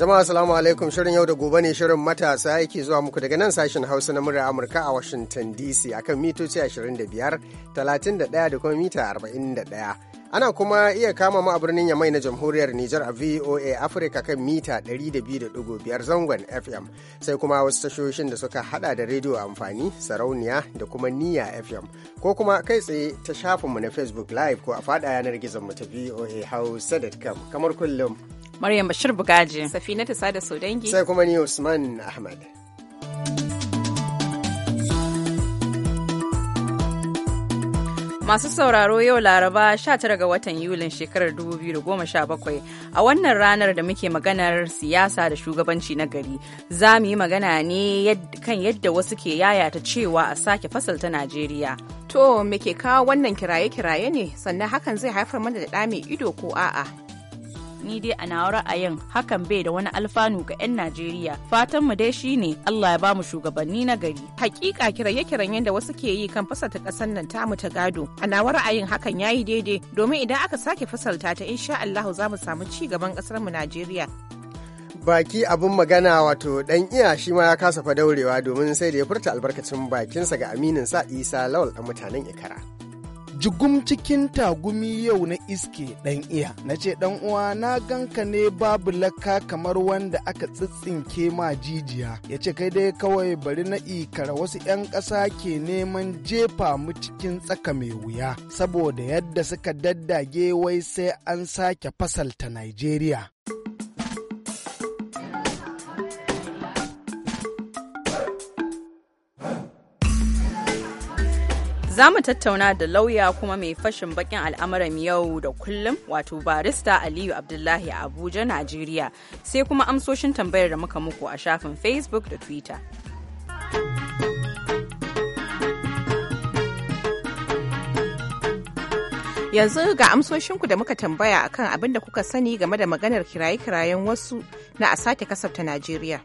Jama'a salamu alaikum shirin yau da gobe ne shirin matasa yake zuwa muku daga nan sashen Hausa na murya Amurka a Washington DC akan mitoci 25, 31 da kuma mita 41. Ana kuma iya kama mu a birnin Yamai na Jamhuriyar Nijar a VOA Africa kan mita 200.5 zangon FM sai kuma wasu tashoshin da suka hada da rediyo amfani sarauniya da kuma niya FM ko kuma kai tsaye ta shafinmu na Facebook Live ko a fada yanar gizon mu ta VOA Hausa.com kamar kullum. Maryam Bashir Bugaji. Safina Tisa da Sodangi. Sai kuma ni Usman Ahmad. Masu sauraro yau Laraba 19 ga watan Yulin shekarar 2017 a wannan ranar da muke maganar siyasa da shugabanci na gari za mu yi magana ne kan yadda wasu ke yayata cewa a sake fasalta Najeriya. To, me ke kawo wannan kiraye-kiraye ne sannan hakan zai haifar mana da ɗa mai ido ko a'a ni dai a nawa ra'ayin hakan bai da wani alfanu ga 'yan Najeriya. Fatan mu dai shine Allah ya bamu shugabanni na gari. Hakika kiraye-kirayen da wasu ke yi kan fasalta kasar nan tamu ta gado. A nawa ra'ayin hakan yayi daidai domin idan aka sake fasalta ta insha Allah za mu samu ci gaban kasar mu Najeriya. baki abin magana wato dan iya shi ma ya kasa fa daurewa domin sai da ya furta albarkacin bakinsa ga aminin sa isa lawal a mutanen ikara. jigum cikin tagumi yau na iske ɗan iya na ce ɗan uwa na ganka ne babu laka kamar wanda aka tsitsinke ma jijiya ya ce kai dai kawai bari na ikara wasu 'yan ƙasa ke neman jefa mu cikin tsaka mai wuya saboda yadda suka daddage wai sai an sake fasalta Najeriya. Za mu tattauna da lauya kuma mai fashin bakin al'amuran yau da kullum wato barista Aliyu Abdullahi a Abuja, Najeriya, sai kuma amsoshin tambayar da muka muku a shafin Facebook da Twitter. yanzu ga amsoshinku da muka tambaya akan abin da kuka sani game da maganar kiraye-kirayen wasu na a sake kasafta Najeriya.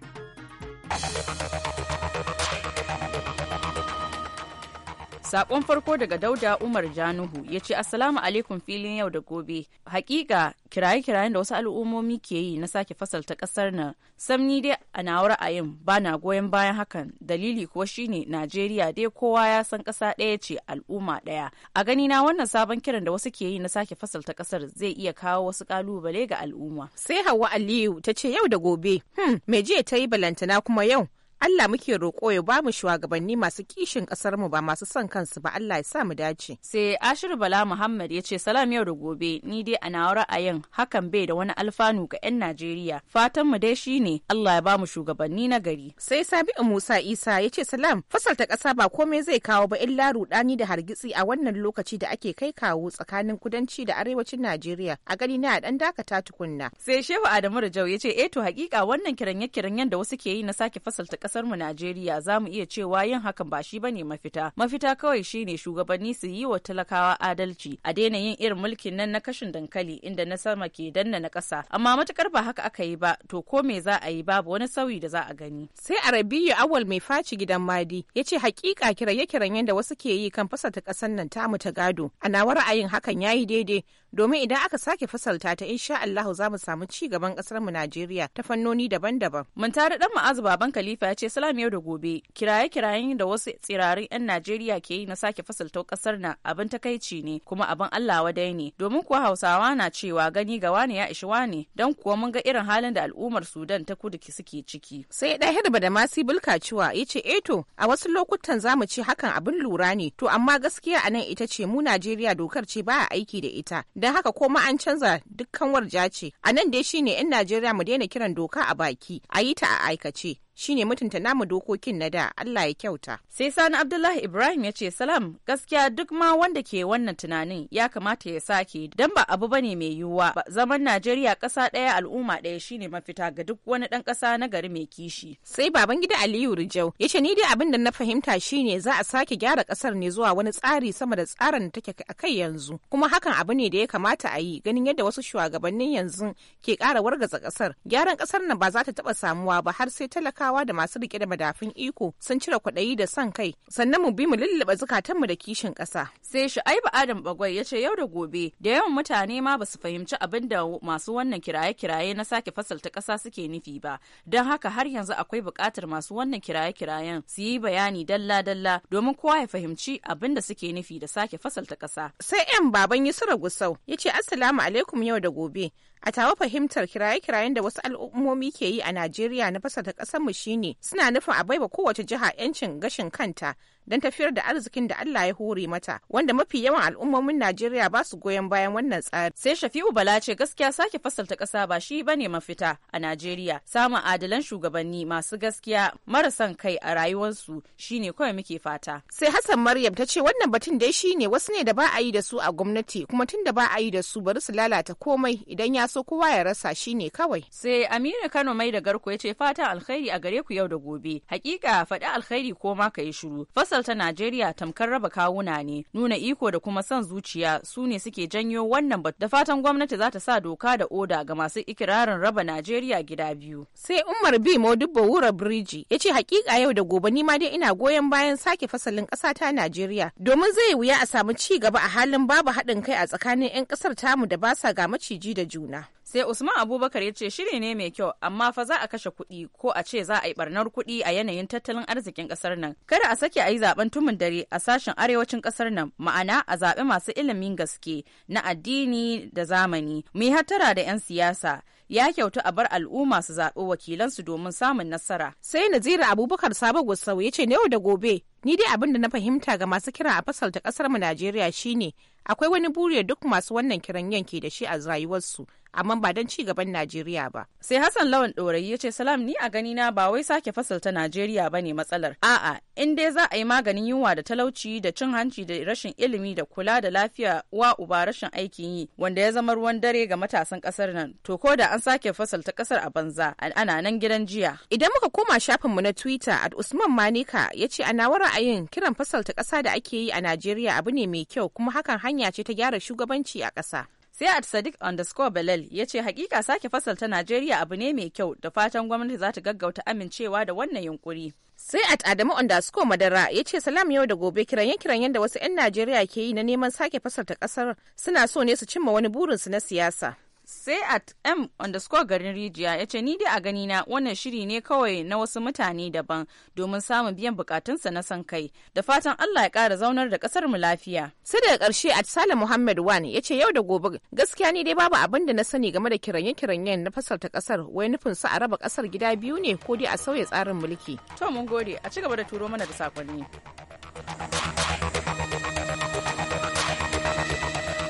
Sakon farko daga Dauda Umar Januhu ya ce Assalamu alaikum filin yau da gobe. Hakika kiraye-kirayen da wasu al'ummomi ke yi na sake fasalta kasar nan samni dai a nawa ra'ayin ba na goyon bayan hakan dalili kuwa shine Najeriya dai kowa ya san kasa ɗaya ce al'umma ɗaya. A gani na wannan sabon kiran da wasu ke yi na sake fasalta kasar zai iya kawo wasu kalubale ga al'umma. Sai Hauwa Aliyu ta ce yau da gobe, hmm, me jiya ta yi balantana kuma yau Allah muke roƙo ya ba mu shugabanni masu kishin ƙasar mu ba masu son kansu ba Allah ya sa mu dace. Sai Ashir Bala Muhammad ya ce salam yau da gobe ni dai a nawa ra'ayin hakan bai da wani alfanu ga 'yan Najeriya. Fatan mu dai shine Allah ya ba mu shugabanni na gari. Sai Sabi'u Musa Isa ya ce salam fasalta ƙasa ba komai zai kawo ba illa rudani da hargitsi a wannan lokaci da ake kai kawo tsakanin kudanci da arewacin Najeriya a gani na dan dakata tukunna. Sai Shehu Adamu Rajau ya ce eh to haƙiƙa wannan kiranye-kiranyen da wasu ke yi na sake fasalta ƙasa kasar mu Najeriya za mu iya cewa yin hakan ba shi bane mafita. Mafita kawai shine shugabanni su yi wa talakawa adalci a daina yin irin mulkin nan na kashin dankali inda na sama ke danna na kasa Amma matukar ba haka aka yi ba to ko me za a yi babu wani sauyi da za a gani. Sai Arabiyu Awal mai faci gidan Madi ya ce hakika kiraye-kirayen da wasu ke yi kan fasata ƙasar nan tamu ta gado. A nawa ra'ayin hakan yayi daidai domin idan aka sake fasalta ta insha Allahu za mu samu ci gaban kasar mu Najeriya ta fannoni daban-daban. tare dan Ma'azu Baban Khalifa ya ce salam yau da gobe kiraye-kirayen da wasu tsirarin 'yan Najeriya ke yi na sake fasalta kasar na abin takaici ne kuma abin Allah wadai ne domin kuwa Hausawa na cewa gani ga wani ya ishi wani dan kuwa mun ga irin halin da al'ummar Sudan ta kudu suke ciki. Sai ɗaya hirba da masi bulkaciwa ya ce eto eh a wasu lokutan za mu ce hakan abin lura ne to amma gaskiya anan ita ce mu Najeriya dokar ce ba aiki da ita don haka koma an canza dukkan warja ce a nan dai shine 'yan najeriya mu daina kiran doka a baki a yi ta a aikace shine mutunta namu dokokin na da Allah ya kyauta. Sai Sani Abdullahi Ibrahim ya ce salam gaskiya duk ma wanda ke wannan tunanin ya kamata ya sake dan ba abu bane mai yiwuwa zaman Najeriya ƙasa ɗaya al'umma ɗaya shine mafita ga duk wani ɗan ƙasa na gari mai kishi. Sai baban gida Aliyu Rijau ya ce ni dai abin da na fahimta shine za a sake gyara ƙasar ne zuwa wani tsari sama da tsarin da take a kai yanzu kuma hakan abu ne da ya kamata a yi ganin yadda wasu shugabannin yanzu ke ƙara wargaza ƙasar gyaran ƙasar nan ba za ta taɓa samuwa ba har sai talaka talakawa da masu rike da madafin iko sun cire kwaɗayi da son kai sannan mu bi mu zukatan mu da kishin ƙasa. sai shi aiba adam bagwai ya ce yau da gobe da yawan mutane ma ba su fahimci abin da masu wannan kiraye-kiraye na sake fasalta ƙasa suke nufi ba don haka har yanzu akwai buƙatar masu wannan kiraye-kirayen su yi bayani dalla-dalla domin kowa ya fahimci abin da suke nufi da sake fasalta ƙasa. sai yan baban yusura gusau ya ce assalamu alaikum yau da gobe A tawa fahimtar kiraye-kirayen da wasu al'ummomi ke yi a Najeriya na fasa ta ƙasarmu shine suna nufin a baiwa kowace jiha 'yancin gashin kanta don tafiyar da arzikin da Allah ya hore mata wanda mafi yawan al'ummomin Najeriya ba su goyon bayan wannan tsari. Sai Shafi'u Bala ce gaskiya sake fasalta ƙasa ba shi bane mafita a Najeriya samun adalan shugabanni masu gaskiya mara marasan kai a rayuwarsu shine kawai muke fata. Sai Hassan Maryam ta ce wannan batun dai shi ne wasu ne da ba a yi da su a gwamnati kuma tun da ba a yi da su bari su lalata komai idan ya so kowa ya rasa shine kawai. Sai Aminu Kano mai da garko ya ce fatan alkhairi a gare ku yau da gobe. Hakika faɗi alkhairi ko ma ka yi shiru. Fasa siyasar ta Najeriya tamkar raba kawuna ne, nuna iko da kuma son zuciya su ne suke janyo wannan batu. Da fatan gwamnati za ta sa doka da oda ga masu ikirarin raba Najeriya gida biyu. Sai Umar B Modibo Wura Biriji ya ce hakika yau da gobe ni ma dai ina goyon bayan sake fasalin ƙasa ta Najeriya domin zai wuya a samu ci gaba a halin babu haɗin kai a tsakanin 'yan ƙasar tamu da ba sa ga maciji da juna. sai usman abubakar ya ce shiri ne mai kyau amma fa za a kashe kuɗi ko a ce za a yi barnar kuɗi a yanayin tattalin arzikin ƙasar nan kada a sake a yi zaben tumin dare a sashen arewacin ƙasar nan ma'ana a zaɓi masu ilimin gaske na addini da zamani mu yi hattara da 'yan siyasa ya kyautu a bar al'umma su zaɓi wakilansu domin samun nasara sai nazira abubakar sabo gusau ya ce na yau da gobe ni dai abin da na fahimta ga masu kira a fasalta ƙasar mu najeriya shine akwai wani buri duk masu wannan kiran yanke da shi a rayuwarsu amma ba don ci gaban Najeriya ba. Sai Hassan Lawan Ɗorayi ya ce salam ni a gani na ba wai sake fasalta Najeriya ba ne matsalar. A'a in dai za a yi maganin yunwa da talauci da cin hanci da rashin ilimi da kula da lafiya wa uba rashin aikin yi wanda ya zama ruwan dare ga matasan ƙasar nan to ko da an sake fasalta ƙasar a banza ana nan gidan jiya. Idan muka koma shafinmu na Twitter at Usman Manika ya ce a nawa ra'ayin kiran fasalta ƙasa da ake yi a Najeriya abu ne mai kyau kuma hakan hanya ce ta gyara shugabanci a ƙasa. sai at sadiq underscore belal ya ce hakika sake fasalta najeriya abu ne mai kyau da fatan gwamnati za ta gaggauta amincewa da wannan yunkuri sai at adamu underscore madara ya ce salam yau da gobe kiranye kiranyen da wasu 'yan najeriya ke yi na neman sake fasalta ƙasar suna so ne su cimma wani burinsu na siyasa sai at m underscore garin rijiya ya ce ni dai a gani na wannan shiri ne kawai na wasu mutane daban domin samun biyan bukatunsa na son kai da fatan allah ya kara zaunar da kasar mu lafiya sai daga karshe at salim muhammad wan ya ce yau da gobe gaskiya ni dai babu abin da na sani game da kiranye kiranye na fasalta kasar wai nufin su a raba kasar gida biyu ne ko dai a sauya tsarin mulki to mun gode a ci gaba da turo mana da sakonni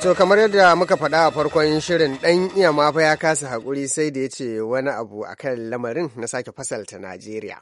To kamar yadda muka faɗa a farkon shirin ɗan iya mafa ya kasa haƙuri sai da ya ce wani abu akan lamarin na sake fasalta Najeriya.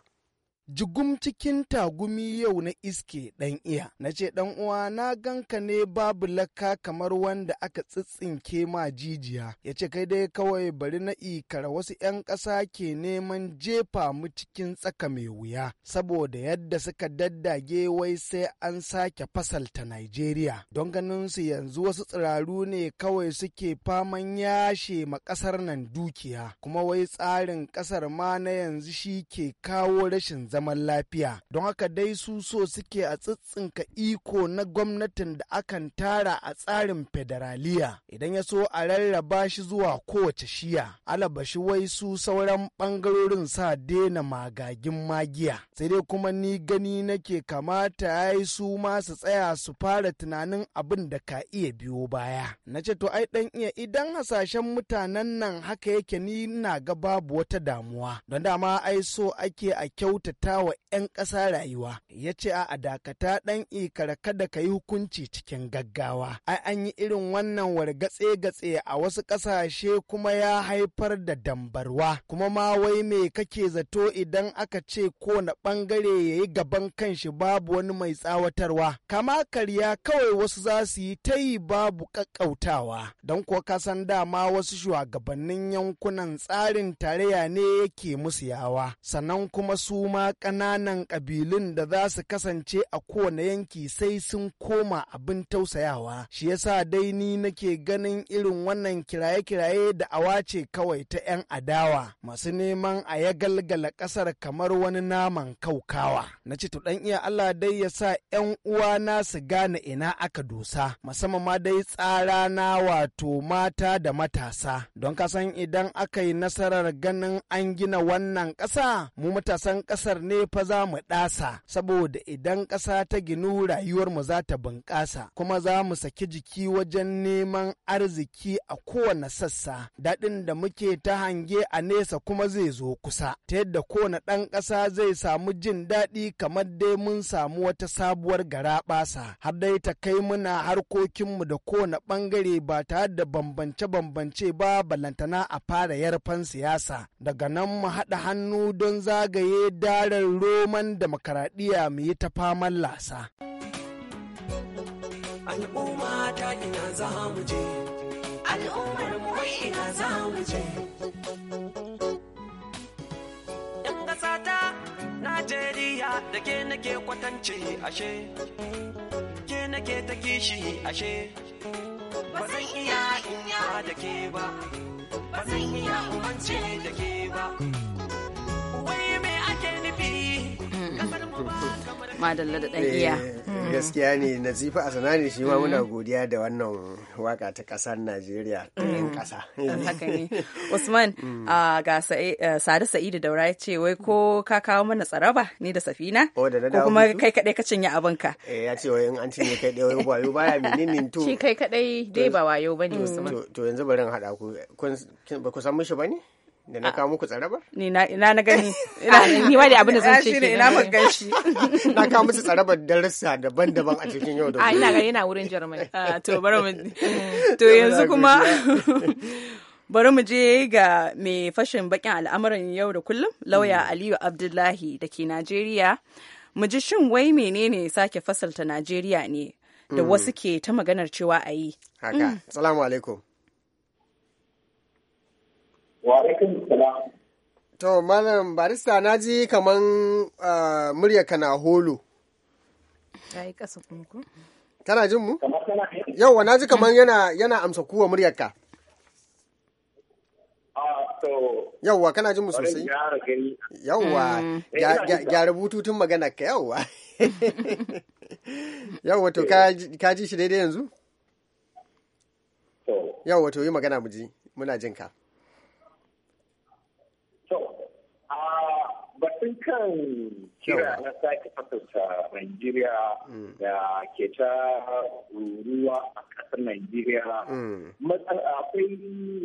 jigum cikin tagumi yau na iske ɗan iya na ce ɗan uwa na ganka ne babu laka kamar wanda aka tsitsinke ma jijiya ya ce kai dai kawai bari na ikara wasu 'yan ƙasa ke neman jefa mu cikin tsaka mai wuya saboda yadda suka daddage wai sai an sake fasalta Najeriya don ganin su yanzu wasu tsiraru ne kawai suke faman yashe ma ƙasar nan dukiya kuma wai tsarin ƙasar ma na yanzu shi ke kawo rashin zaman lafiya don haka dai su so suke a tsitsinka iko na gwamnatin da akan tara a tsarin federaliya idan ya so a rarraba shi zuwa kowace shiya alaba shi wai su sauran bangarorin sa daina magagin magiya sai dai kuma ni gani nake kamata ya yi su ma su tsaya su fara tunanin abin da ka iya biyo baya na ce to ai dan iya idan hasashen mutanen nan haka yake ni na ga babu wata damuwa don dama ai so ake a kyautata ta wa 'yan ƙasa rayuwa ya ce a dakata ɗan ikara kada ka yi hukunci cikin gaggawa ai an yi irin wannan wargatse-gatse a wasu ƙasashe kuma ya haifar da dambarwa kuma ma wai me kake zato idan aka ce kowane ɓangare ya yi gaban kanshi babu wani mai tsawatarwa kama karya kawai wasu za su yi ta yi babu ƙaƙƙautawa don kuwa kasan dama wasu shugabannin yankunan tsarin tarayya ne yake musu yawa sannan kuma su ma ƙananan ƙabilun da za su kasance a kowane yanki sai sun koma abin tausayawa shi yasa dai ni nake ganin irin wannan kiraye-kiraye da awa ce kawai ta 'yan adawa masu neman a ya galgala ƙasar kamar wani naman kaukawa na ce to dan iya Allah dai ya sa 'yan uwana su gane ina aka dosa musamman ma dai tsara na wato mata da matasa don kasan idan aka yi nasarar ganin an gina wannan ƙasa mu matasan ƙasar ne fa za mu ɗasa saboda idan ƙasa ta ginu rayuwarmu za ta bunƙasa kuma za mu saki jiki wajen neman arziki a kowane sassa daɗin da muke ta hange a nesa kuma zai zo kusa ta yadda kowane ɗan ƙasa zai samu jin daɗi kamar dai mun samu wata sabuwar garaɓasa har dai ta kai muna harkokinmu da kowane ɓangare ba ta da bambance-bambance ba balantana a fara yarfan siyasa daga nan mu haɗa hannu don zagaye dare irin roman demokaradiyya mu yi ta faman lasa. Al'umma ta ina za mu je, al'ummar mu ina za mu je. ‘Yan ƙasa ta Najeriya da ke nake kwatance ashe, ke nake ta kishi ashe, ba zan iya inya da ke ba, ba zan iya umance da ke ba. madalla da dan iya eh, gaskiya ne nazifa a sanani shi ma muna godiya da wannan waka ta kasar najeriya ta mm. ƙasa. kasa haka ne usman mm. ga sadu sa'idu daura ya ce wai ko ka kawo mana tsaraba ni da safina ko kuma kai kadai ka cinye abinka eh, ya ce wai in an cinye kai dai yau wayo baya menene to shi kai kadai dai ba wayo bane mm, usman to yanzu bari in hada ku ba ku san mishi bane da na ah. kawo muku tsarabar? Ni na na gani. Ina ni ma da abin da zan ah, ce ke. Ina mun gashi. Na kawo musu tsarabar darussa daban-daban a cikin yau da ah, gobe. A ina gani yana wurin Germany. To bari mu to yanzu kuma bari mu je ga mai fashin bakin al'amuran yau da kullum lauya mm. Aliyu Abdullahi da ke Najeriya. Mu ji shin wai menene sake fasalta Najeriya ne da mm. wasu ke ta maganar cewa a yi. Haka. Mm. Salamu alaikum. To malam barista na ji kaman uh, ah, murya kana holo. kasa kunku. Kana jin mu? Yauwa na ji kaman yana yana amsa kuwa muryarka. Ah, yauwa kana jin mu sosai? Yauwa mm. eh, gyara bututun magana ka yauwa. Yauwa to eh. ka ji shi daidai yanzu? Yauwa to yi magana mu ji muna jin ka. batun kan kira na sake fasasta Najeriya mm. da ke ta ruruwa a ƙasar Najeriya. Mm. Akwai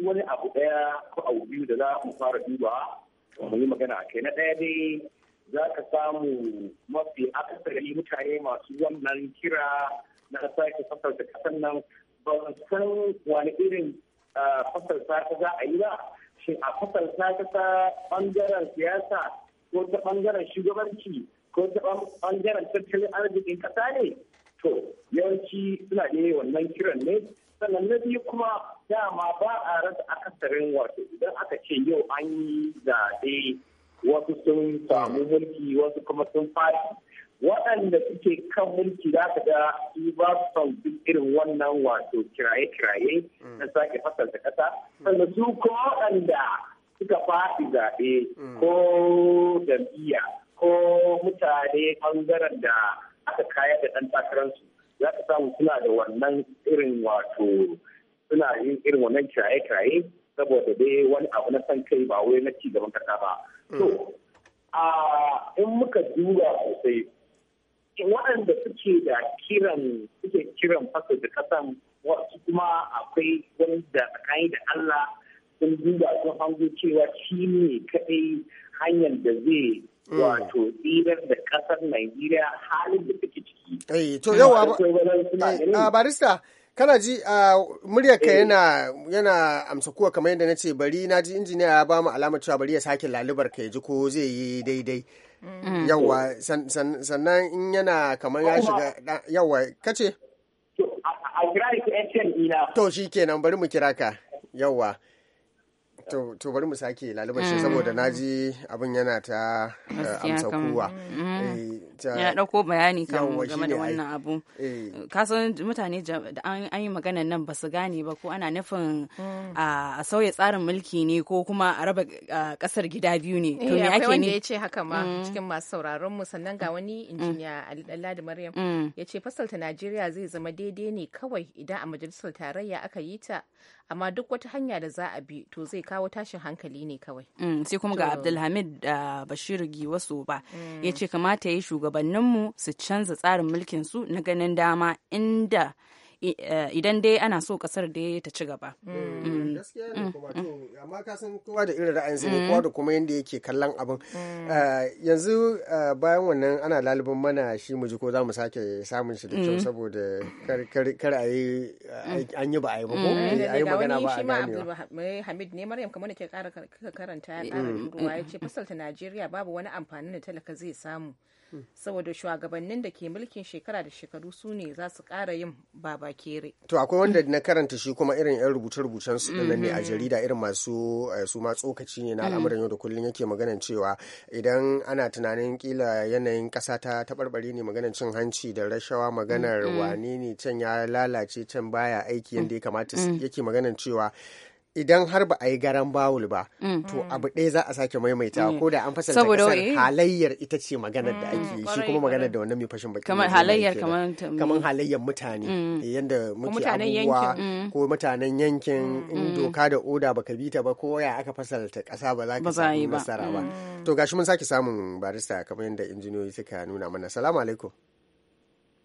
wani abu ɗaya ko abu biyu da za mu fara duba mu yi magana kai. Na ɗaya dai za ka samu mafi akasari mutane masu wannan kira na sake fasasta ƙasar nan ba san wani irin fasasta ah, ta za a yi ba. Shin a fasasta ta ɓangaren siyasa ko ta bangaren shugabanci ko ta bangaren tattalin arzikin kasa ne to yawanci suna da wannan kiran ne sannan na biyu kuma dama ba a rasa akasarin wato idan aka ce yau an yi zaɓe wasu sun samu mulki wasu kuma sun fara waɗanda suke kan mulki za ka ga su ba su son duk irin wannan wato kiraye-kiraye na sake fasalta ƙasa sannan su kuma waɗanda suka faɗi zaɓe mm. ko jam'iyya ko mutane ɓangaren da aka kayar da ɗan takararsu za ka samu suna da wannan irin wato suna yin irin wannan kiraye-kiraye saboda dai wani abu na san kai ba wai na ci gaban kasa ba. Mm. To, a in muka duba sosai waɗanda suke da kiran suke kiran fasa da kasan wasu kuma akwai wanda tsakani da Allah sun duba sun hango cewa shi ne kaɗai hanyar da zai mm. wato tsirar da ƙasar Najeriya halin da take ciki. Eh, to yawa eh, barista, kana ji a muryarka eh. yana yana amsa kuwa kamar yadda na ce bari na ji injiniya ya ba mu alamar cewa bari ya sake lalubar ka ya ji ko zai yi daidai. Mm. Yawa, sannan in yana kamar ya shiga yawa kace. A kira ni ta ina. To shi kenan bari mu kira ka. Yawa. to bari mu sake lalubar shi mm. saboda naji abin yana ta eh, amsa kuwa mm-hmm. eh, ya dauko bayani kan game da wannan abu eh. kasan mutane da an yi maganan nan ba su gane ba ko ana nufin mm. a sauya tsarin mulki ne ko kuma a raba kasar gida biyu ne to me ake ne ya ce haka ma mm. cikin masu sauraron mu sannan ga wani injiniya Ladi Maryam ya ce fasalta Najeriya zai zama daidai ne kawai idan a majalisar tarayya aka yi ta amma duk wata hanya da za a bi to zai kawo tashin hankali ne kawai mm, sai kuma ga abdulhamid da ah, bashiru wasu ba mm. ya ce kamata ya yi shugabanninmu su canza tsarin mulkin su na ganin dama inda Eh, idan dai ana so kasar da ta ci gaba mm. Eh, mm. gaskiya ne mm. kuma to amma ka san kowa da irin ra'ayin sa kowa da kuma yanda yake kallon abin eh, yanzu bayan wannan ana lalibin mana shi mu ji ko za mu sake samun shi da kyau saboda kar a yi an yi ba a yi ba ko a yi magana ba a gane Hamid ne Maryam kamar da ke kara karanta ya kara ruwa ya ce fasalta Najeriya babu wani amfani da talaka zai samu saboda shugabannin da ke mulkin shekara da shekaru su ne za su kara yin baba Bakere. To akwai wanda na karanta shi kuma irin yan rubuce-rubucen su nan ne a mm-hmm. jarida irin masu eh, su ma tsokaci ne na mm-hmm. al'amuran yau da kullum yake magana cewa idan ana tunanin kila yanayin ƙasa ta taɓarɓare ne magana cin hanci da rashawa maganar mm-hmm. wane ne can ya lalace can baya aiki yadda ya kamata yake cewa idan har ba a yi garan bawul ba mm. to abu ɗaya za a sake maimaita mm. ko da an fasalta kasar halayyar ita ce maganar da mm, ake yi shi kuma maganar da wannan mai fashin baki kamar halayyar kamar halayyar mutane yanda muke abubuwa ko mutanen yankin in doka da oda baka bi ta ba ko ya aka fasalta kasa ba za ka samu nasara ba to gashi mun sake samun barista kamar yadda injiniyoyi suka nuna mana salamu alaikum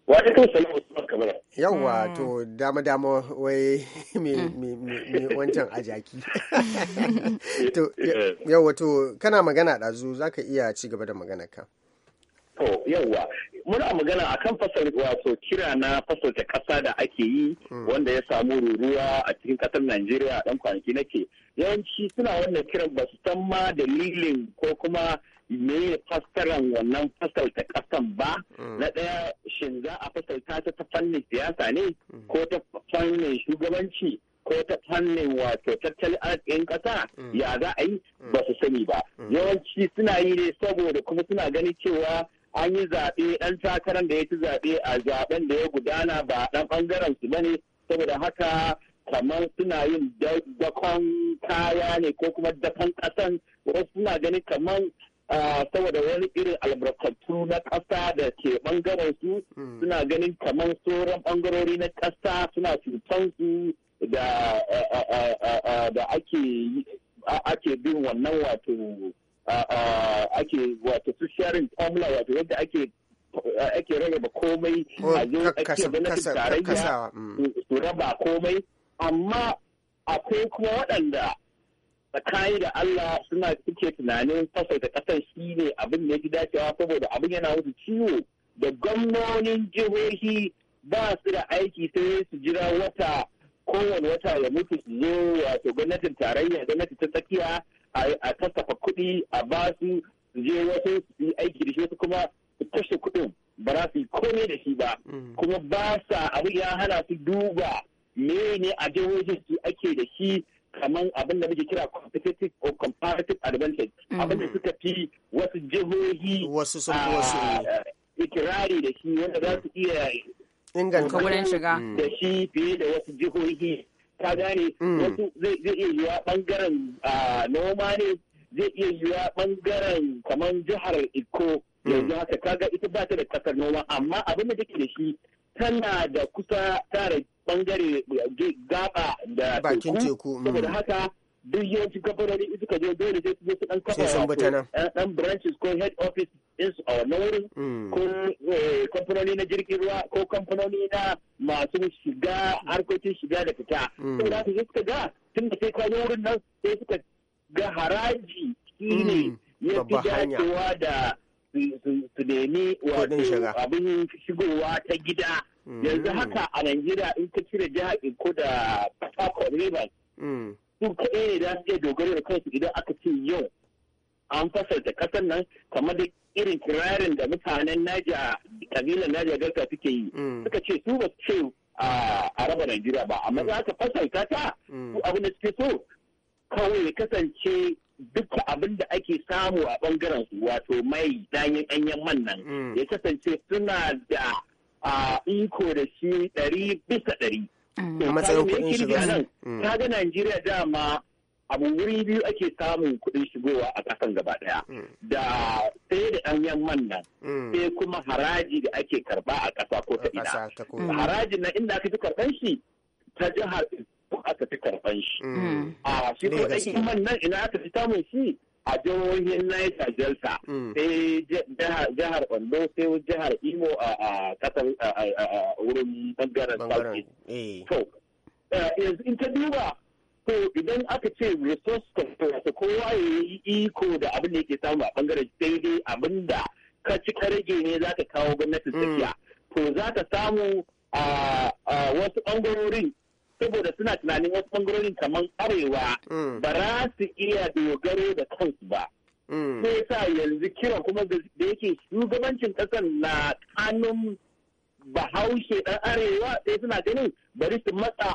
Wani kan salamu Usman Yawwa hmm. to dama dama wai mai hmm. wancan a jaki. Eh. yawwa to kana magana ɗazu za ka iya ci gaba da magana ka. To yawwa muna magana a kan fasar wato kira na fasalta ƙasa da ake yi hmm. wanda ya samu ruruwa a cikin ƙasar Najeriya ɗan kwanaki nake yawanci suna wannan kiran ba su san ma dalilin ko kuma me fassaran wannan fasalta kasan ba mm. na ɗaya shin za a fasalta ta ta fannin siyasa ne mm. ko ta fannin shugabanci ko ta fannin wato tattalin arzikin ƙasa mm. ya za a yi ba su sani ba yawanci suna yi ne saboda kuma suna gani cewa an yi zaɓe ɗan takarar da ya ci zaɓe a zaɓen da ya gudana ba ɗan ɓangaren su ba ne. saboda haka kamar suna yin dakon kaya ne ko kuma dakon ƙasan wasu suna ganin kamar saboda wani irin albarkatu na ƙasa da ke ɓangaren su hmm. suna ganin kamar sauran ɓangarori na ƙasa suna cutan su da ake bin wannan wato ake wato su sharing formula wato yadda ake ake rarraba komai oh, a zo ake gwamnatin tarayya hmm. su raba komai amma akwai kuma waɗanda tsakani da Allah suna suke tunanin fasaita kasar shi ne abin da ya ji dacewa saboda abin yana wasu ciwo da gwamnonin jihohi ba su da aiki sai su jira wata kowane wata ya mutu su zo wato gwamnatin tarayya gwamnati ta tsakiya a kasafa kuɗi a ba su su je wasu su yi aiki da shi wasu kuma su kashe kuɗin ba za su yi komai da shi ba mm. kuma ba sa abin ya hana su duba me ne a jihohin su ake da shi kamar abin da muke kira competitive or comparative advantage mm. abin da suka fi wasu jihohi wasu sun ah, wasu mm. ah, ikirari da shi wanda za su iya inganta wurin shiga mm. da shi fiye da wasu jihohi ka gane wasu zai iya yiwa bangaren ah, noma ne zai iya yiwa bangaren kamar jihar iko yanzu haka kaga ita ba ta da kasar noma amma abin da take da shi tana da kusa tare. bangare eh, gaba da bakin teku mm. saboda haka duk yawancin kamfanoni in suka je dole sai su je su dan kafa eh, dan branches ko head office din su a wannan wurin mm. ko eh, kamfanoni na jirgin ruwa ko kamfanoni na masu shiga harkokin shiga da fita mm. saboda haka suka ga tun da sai kwano wurin nan sai suka ga haraji ne ya fi dacewa da su nemi wato abin shigowa ta gida Mm. yanzu haka a Najeriya in ka cire jihar ko da Port Rivers mm. su kaɗai ne za su iya dogaro da kansu idan aka ce yau an fasalta kasar nan kamar da irin kirarin da mutanen Naja kabilan Naja Delta suke yi mm. suka ce su ba ce a raba Najeriya ba amma za ka fasalta ta su abin da suke so kawai ya kasance duka abin da ake samu a bangaren su wato mai danyen danyen man nan ya kasance suna da a iko da shi ɗari bisa ɗari. Mm. A matsayin kuɗin shiga. Ta mm. ga Najeriya dama abu wuri biyu ake samun kuɗin shigowa a ƙasan gaba ɗaya. Mm. Da sai da ɗanyen man nan. Sai kuma haraji da ake karɓa a ƙasa ko ta ina. Haraji na inda aka fi karɓan shi ta jihar aka fi karɓan shi. A shi ko ɗanyen man nan ina aka fi samun shi a jihohin Niger Delta mm. sai jihar Ondo sai jihar Imo a kasar wurin bangaren Southeast. Eh. To, eh, in ta duba to idan aka ce resource control wato kowa ya yi iko da abin da yake samu a bangaren sai dai abin da ka ci ka rage ne za ka kawo gwamnatin mm. tafiya. To za ka samu a wasu bangarorin saboda suna tunanin wasu bangarorin kamar arewa mm. ba za su iya dogaro da kansu ba. Mm. Sai sa yanzu kiran kuma da yake shugabancin ƙasar na kanun bahaushe ɗan arewa sai suna ganin bari su matsa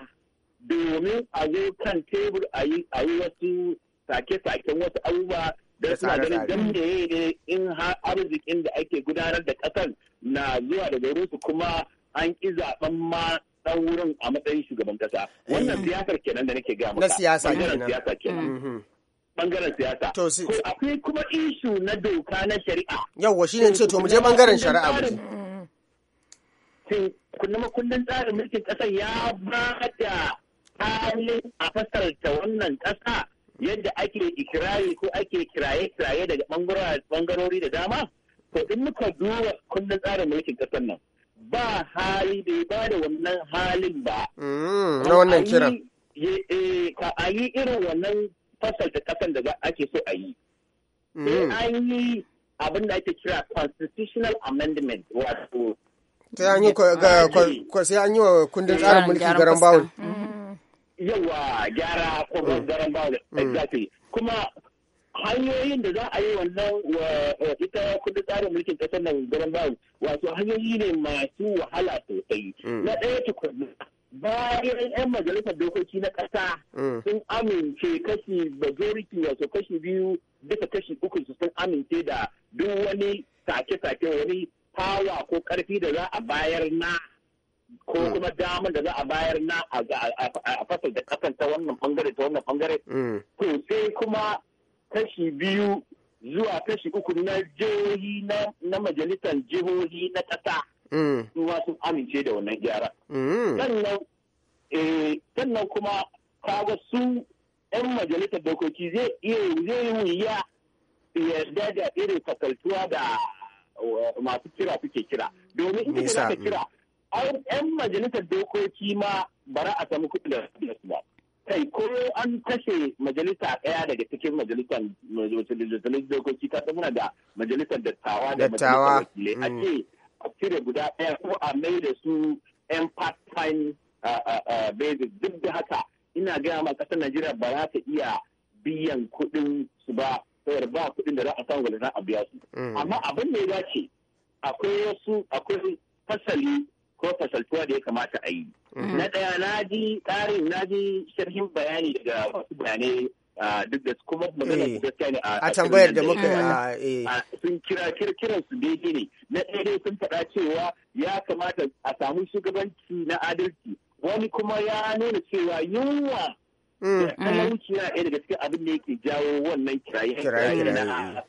domin a zo kan tebur a yi wasu sake-saken wasu abubuwa da suna ganin da ne in har arzikin da ake gudanar da ƙasar na zuwa daga rusu kuma an ƙi zaɓen ma dan wurin a matsayin shugaban kasa wannan eh. siyasar kenan da nake gaya maka na siyasa kenan siyasa kenan mm-hmm. bangaren siyasa to akwai kuma ishu na doka na shari'a yawa shine ce to mu je bangaren shari'a mu shin kullum kullun tsarin mulkin kasa ya ba da halin a fasar ta wannan kasa yadda ake ikirari ko ake kiraye-kiraye daga bangarori da dama to in muka duba kundin tsarin mulkin kasar nan ba hali bai ba da wannan halin ba. Mm, na wannan kiran. Ka eh, a yi irin wannan fasalta kasan da ake so a yi. Mm. Eh, an yi abin da ake kira constitutional amendment wato. Sai an yi wa kundin tsarin mulki mm. garan bawul. Yawa gyara ko garan bawul. Exactly. Kuma hanyoyin da za a yi wannan wa ita kundin tsarin mulkin kasar nan garin bawu wato hanyoyi ne masu wahala sosai mm. na ɗaya tukunna bayan 'yan majalisar dokoki na ƙasa mm. sun amince kashi majority wato kashi biyu duka kashi uku su sun amince da duk wani sake-sake wani hawa ko ƙarfi da za a bayar na ko mm. kuma damar da za a bayar na a fasar da kasan ta wannan bangare ta wannan bangare to sai kuma kashi biyu zuwa kashi uku na jihohi na majalisar jihohi na ƙasa mm. su ma sun amince da wannan gyara. Mm. Eh, sannan kuma kaga su 'yan majalisar dokoki zai iya wuya yarda da irin fasaltuwa da eh, masu kira suke kira. Domin in ka kira, 'yan majalisar dokoki ma bara a samu kudin da su ba. kai ko an kashe majalisa ɗaya daga cikin majalisar dokoki ta muna da majalisar dattawa da majalisar wakilai a mm. ce a cire guda ɗaya ko a mai da su yan part time basis duk da haka ina gaya ma ƙasar najeriya ba za ta iya biyan kuɗin su ba sayar ba kuɗin da za a samu da za a biya su mm. amma abin da ya dace akwai wasu akwai fasali ko fasaltuwa da ya kamata a yi Na mm-hmm. ɗaya na ji ƙarin na ji sharhin bayani daga wasu bayanai duk da kuma magana eh, gaskiya ne a tambayar da muka eh. sun kira kiran su daidai ne na ɗaya dai sun faɗa cewa ya kamata a samu shugabanci na adalci wani kuma ya nuna cewa yunwa mm. talauci na ɗaya daga cikin abin da yake jawo wannan kiraye na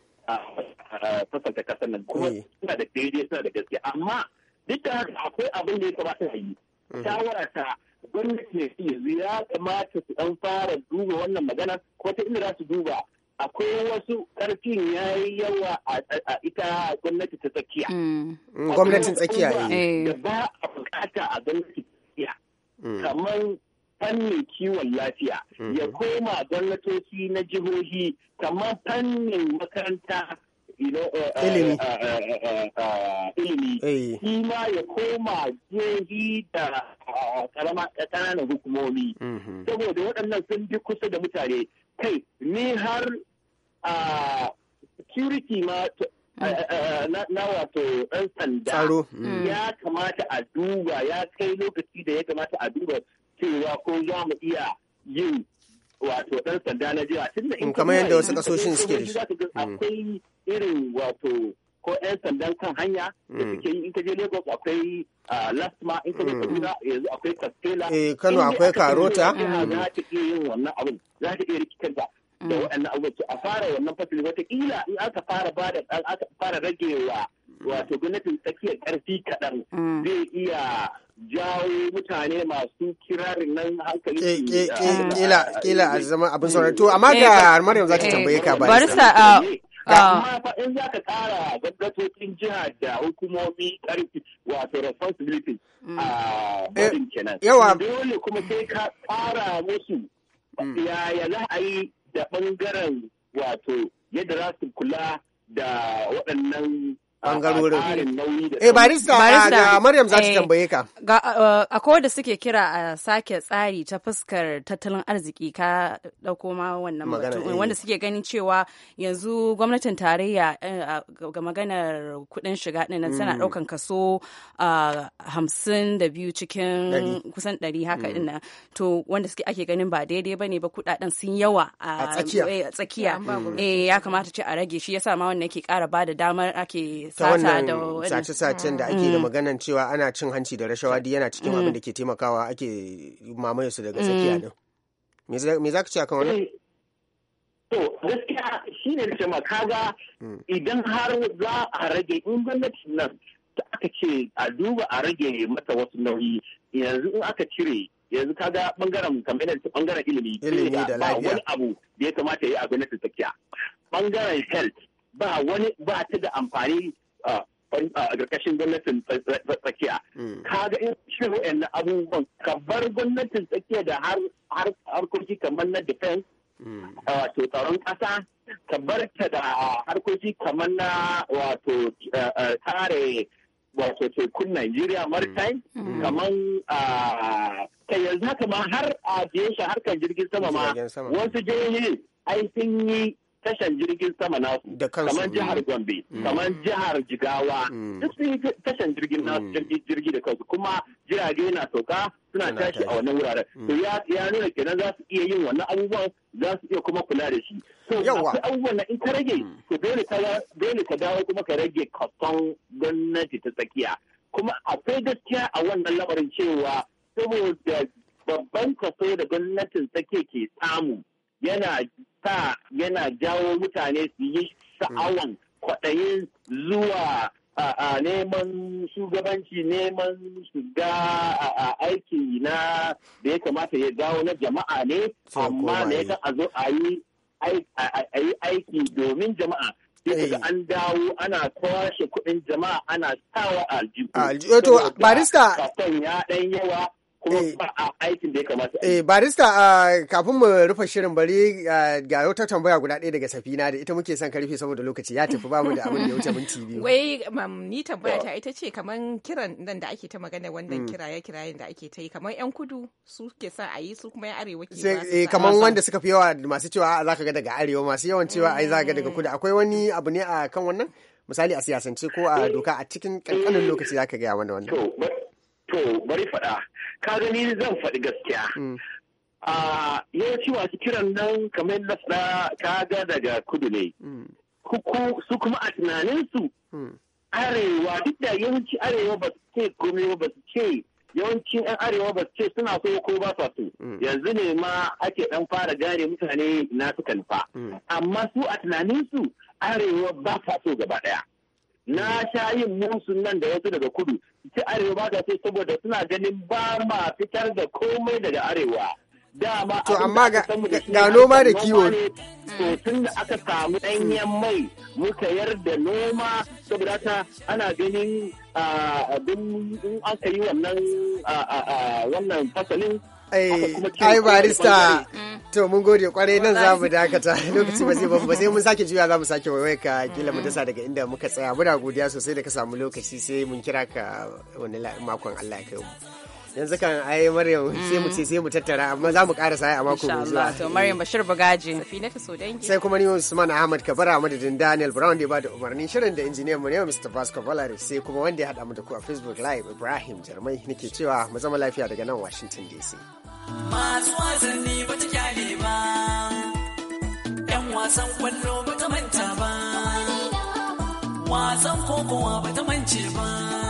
fasanta eh. kasar nan kuma suna da daidai suna da gaskiya amma duk da haka akwai abin da ya kamata a yi Mhm. shawararta gwamnati ne yanzu ya kamata su dan fara duba wannan magana ko ta inda za su duba akwai wasu karfin ya yi yawa a ita gwamnati ta tsakiya. Mm. Gwamnatin tsakiya ne. Eh. Da ba a bukata a gwamnati tsakiya. Mm. Kamar fannin kiwon lafiya ya mm-hmm. koma gwamnatoci na jihohi kamar fannin makaranta ilimi shi ma ya koma jihi uh, da ƙananan hukumomi mhm. saboda waɗannan sun bi kusa da mutane kai ni har uh, security ma mm. uh, na wato ɗan sanda mm. ya kamata a duba ya kai lokaci da ya kamata a duba cewa ko za mu iya yin wato ɗan sanda na jiha da in mm, kamar yadda wasu kasoshin suke da shi mm. akwai irin wato ko 'yan sandan kan hanya da mm. suke yi in ka je Lagos akwai lasma in ka je Kaduna yanzu akwai Kastela eh Kano akwai Karota za ta iya yin wannan abin za ta iya rikitar da waɗannan abubuwa a fara wannan fasili wata kila in aka fara ba da aka fara ragewa wato gwamnatin tsakiyar ƙarfi kaɗan mm. zai iya jawo mutane masu kirarin nan hankali kila kila a zama abin eh. sauran to amma eh, ga Maryam za ta eh, tambaye ka ba uh, barista uh, amma fa in za ka ƙara gwamnatocin jiha da hukumomi ƙarfi wato responsibility mm. a bodin kenan dole kuma sai ka ƙara musu mm. yaya za a yi da ɓangaren wato yadda za su kula da waɗannan bangarorin. Eh barista ga Maryam za ta eh, tambaye ka. a uh, Akwai da suke kira a sake tsari ta fuskar tattalin arziki ka dauko ma wannan batu eh. wanda suke ganin cewa yanzu gwamnatin tarayya eh, ga maganar kudin shiga din nan tana daukan mm. kaso uh, hamsin da biyu cikin kusan ɗari haka din mm. nan to wanda suke ake ganin ba daidai bane ba kudaden sun yawa a tsakiya eh ya kamata ce a rage shi yasa ma wannan yake kara bada damar ake ta wannan sace-sacen da ake da mm. maganan cewa ana cin hanci da rashawa mm. duk yana cikin abin da ke mm. taimakawa ake mamaye su daga tsakiya din me za ka ce akan wannan eh, to gaskiya shi ne cewa kaga idan har za a rage in gwamnati nan ta aka ce a duba a rage mata wasu nauyi yanzu in aka cire yanzu kaga bangaren kamfanin yadda bangaren ilimi da ba wani abu da ya kamata ya yi a gwamnati tsakiya bangaren health ba wani ba ta da amfani ƙarƙashin gwamnatin tsakiya hmm. kaga in shirin na abubuwan ka bar gwamnatin tsakiya da harkoki kamar na defense hmm. wato tsaron ƙasa ka bar ta da harkoki kamar na wato tare wato tekun Najeriya maritime hmm. kamar ta yanzu haka ma har a shi harkar jirgin sama ma wasu jirgin ai sun yi tashan jirgin sama nasu kamar jihar mm. gombe mm. kamar jihar jigawa mm. duk sun yi tashan jirgin nasu jirgi jirgi da kansu kuma jirage na sauka suna tashi a wannan wuraren to ya nuna kenan za su iya yin wannan abubuwan za su iya kuma kula da shi to akwai abubuwan na in ka rage to dole ka dawo kuma ka rage kason gwamnati ta tsakiya kuma akwai gaskiya a wannan lamarin cewa saboda babban kaso da gwamnatin tsakiya ke samu yana sa yana jawo mutane su yi sha'awan kwaɗayin zuwa a neman shugabanci neman shiga a aiki na da ya kamata ya dawo na jama'a ne amma da ya a zo a yi aiki domin jama'a sai eh. an dawo ana kwashe kuɗin jama'a ana sawa aljihu. Eh, barista. Kafin ya ɗan yawa kuma eh. ba a aikin da ya kamata eh barista kafin mu rufe shirin bari ga wata tambaya guda ɗaya daga safina da ita muke son ka rufe saboda lokaci ya tafi bamu da abin da ya wuce mun TV. wai ni tambaya ta ita ce kaman kiran nan da ake ta magana wannan hmm. kiraye kirayen da ake ta yi kamar yan kudu su ke sa a yi su kuma yan arewa ke ba eh kamar wanda suka fi yawa masu cewa za ka ga daga arewa masu yawan cewa ai za ka ga daga hmm. kudu akwai wani abu ne a kan wannan misali a siyasance ko a eh. doka a cikin kankanin lokaci za ka gaya wani wannan to bari faɗa ka gani zan faɗi gaskiya mm. a yawanci masu kiran nan kamar na faɗa kaga daga kudu ne mm. su kuma a tunaninsu mm. arewa duk da yawanci arewa ba su ce komai ba su ce yawancin 'yan arewa ba su ce suna so ko ba su so yanzu ne ma ake ɗan fara gane mutane na su kalfa amma su a tunaninsu arewa ba su so gaba daya na sha yin musun nan da wasu daga kudu ci arewa ba ta ce saboda suna ganin ba ma fitar da komai daga arewa dama to amma ga noma da kiwo to mm. tun da aka samu ɗanyen mai muka yarda noma saboda ta ana ganin ah, in aka yi wannan ah, ah, wannan fasalin Eh, ai barista mm. to mun gode kwarai nan za mu dakata lokaci ba zai ba sai mun sake juya za mu sake waiwai ka kila mu dasa daga inda muka tsaya muna godiya sosai da ka samu lokaci sai mun kira ka wani makon Allah ya kai mu yanzu kan ai Maryam mm. sai mu ce sai mu tattara amma za mu karasa a mako mai zuwa to Maryam Bashir Bagaji so dangi sai kuma ni Usman Ahmad Kabara madadin Daniel Brown da ba da umarnin shirin da injiniyan mu ne Mr. Vasco Valare sai kuma wanda ya hada mu da ku a Facebook Live Ibrahim Jarmai nake cewa mu zama lafiya daga nan Washington DC Masu wasanni ba ta kyale ba, ‘yan wasan kwallo ba ta manta ba, wasan kokowa ba ta mance ba.